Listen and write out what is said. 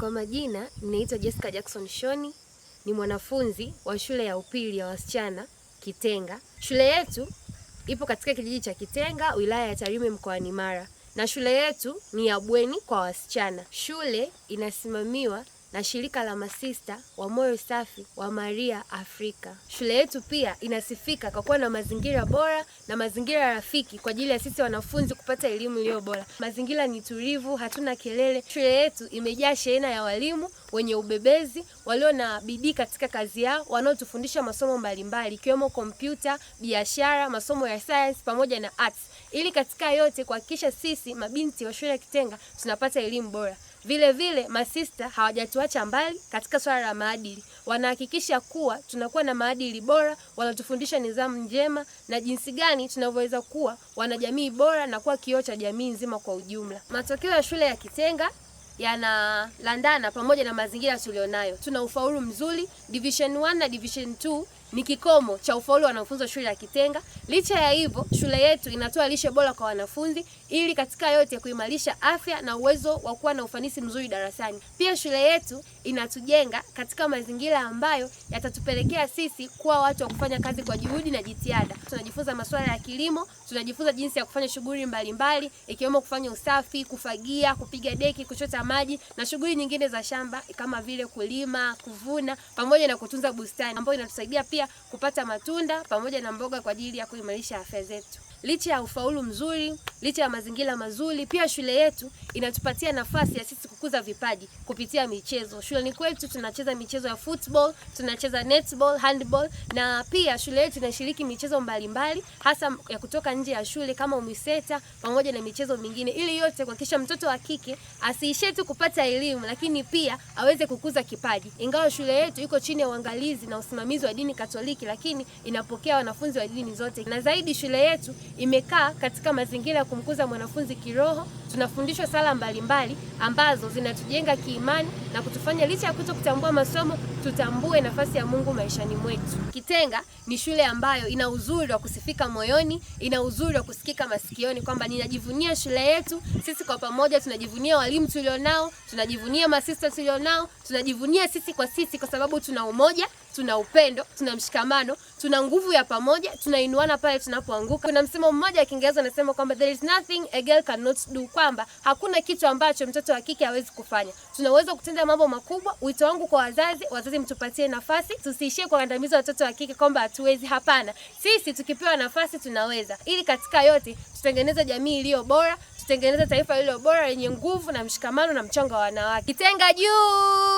Kwa majina ninaitwa Jessica Jackson Shoni, ni mwanafunzi wa shule ya upili ya wasichana Kitenga. Shule yetu ipo katika kijiji cha Kitenga, wilaya ya Tarime, mkoani Mara, na shule yetu ni ya bweni kwa wasichana. Shule inasimamiwa na shirika la masista wa moyo safi wa Maria Afrika. Shule yetu pia inasifika kwa kuwa na mazingira bora na mazingira rafiki kwa ajili ya sisi wanafunzi kupata elimu iliyo bora. Mazingira ni tulivu, hatuna kelele. Shule yetu imejaa shehena ya walimu wenye ubebezi walio na bidii katika kazi yao, wanaotufundisha masomo mbalimbali ikiwemo kompyuta, biashara, masomo ya science pamoja na arts, ili katika yote kuhakikisha sisi mabinti wa shule ya Kitenga tunapata elimu bora. Vile vile masista hawajatuacha mbali katika swala la maadili, wanahakikisha kuwa tunakuwa na maadili bora, wanatufundisha nidhamu njema na jinsi gani tunavyoweza kuwa wanajamii bora na kuwa kioo cha jamii nzima kwa ujumla. Matokeo ya shule ya Kitenga yanalandana pamoja na mazingira tulionayo. Tuna ufaulu mzuri. Division 1 na Division 2 ni kikomo cha ufaulu wanafunzi shule ya Kitenga. Licha ya hivyo, shule yetu inatoa lishe bora kwa wanafunzi ili katika yote kuimarisha afya na uwezo wa kuwa na ufanisi mzuri darasani. Pia shule yetu inatujenga katika mazingira ambayo yatatupelekea sisi kuwa watu wa kufanya kazi kwa juhudi na jitihada. Tunajifunza masuala ya kilimo, tunajifunza jinsi ya kufanya shughuli mbalimbali ikiwemo kufanya usafi, kufagia, kupiga deki, kuchota maji na shughuli nyingine za shamba kama vile kulima, kuvuna pamoja na kutunza bustani ambayo inatusaidia pia kupata matunda pamoja na mboga kwa ajili ya kuimarisha afya zetu. Licha ya ufaulu mzuri, licha ya mazingira mazuri, pia shule yetu inatupatia nafasi ya sisi kukuza vipaji kupitia michezo. Shuleni kwetu tunacheza michezo ya football, tunacheza netball, handball na pia shule yetu inashiriki michezo mbalimbali hasa ya kutoka nje ya shule kama UMISETA pamoja na michezo mingine, ili yote kuhakikisha mtoto wa kike asiishie tu kupata elimu, lakini pia aweze kukuza kipaji. Ingawa shule yetu iko chini ya uangalizi na usimamizi wa dini Katoliki, lakini inapokea wanafunzi wa dini zote, na zaidi shule yetu imekaa katika mazingira ya kumkuza mwanafunzi kiroho. Tunafundishwa sala mbalimbali ambazo zinatujenga kiimani na kutufanya licha ya kuto kutambua masomo tutambue nafasi ya Mungu maishani mwetu. Kitenga ni shule ambayo ina uzuri wa kusifika moyoni, ina uzuri wa kusikika masikioni, kwamba ninajivunia shule yetu. Sisi kwa pamoja tunajivunia walimu tulio nao, tunajivunia masista tulio nao, tunajivunia sisi kwa sisi, kwa sababu tuna umoja, tuna upendo, tuna mshikamano, tuna nguvu ya pamoja, tunainuana pale tunapoanguka. Kuna msemo mmoja wa Kiingereza anasema kwamba there is nothing a girl cannot do, kwamba hakuna kitu ambacho mtoto wa kike hawezi kufanya. Tunaweza kutenda mambo makubwa. Wito wangu kwa wazazi, wazazi mtupatie nafasi, tusiishie kuwakandamiza watoto wa kike kwamba hatuwezi. Hapana, sisi tukipewa nafasi tunaweza, ili katika yote tutengeneze jamii iliyo bora tutengeneze taifa lililo bora lenye nguvu na mshikamano na mchango wa wanawake. Kitenga juu!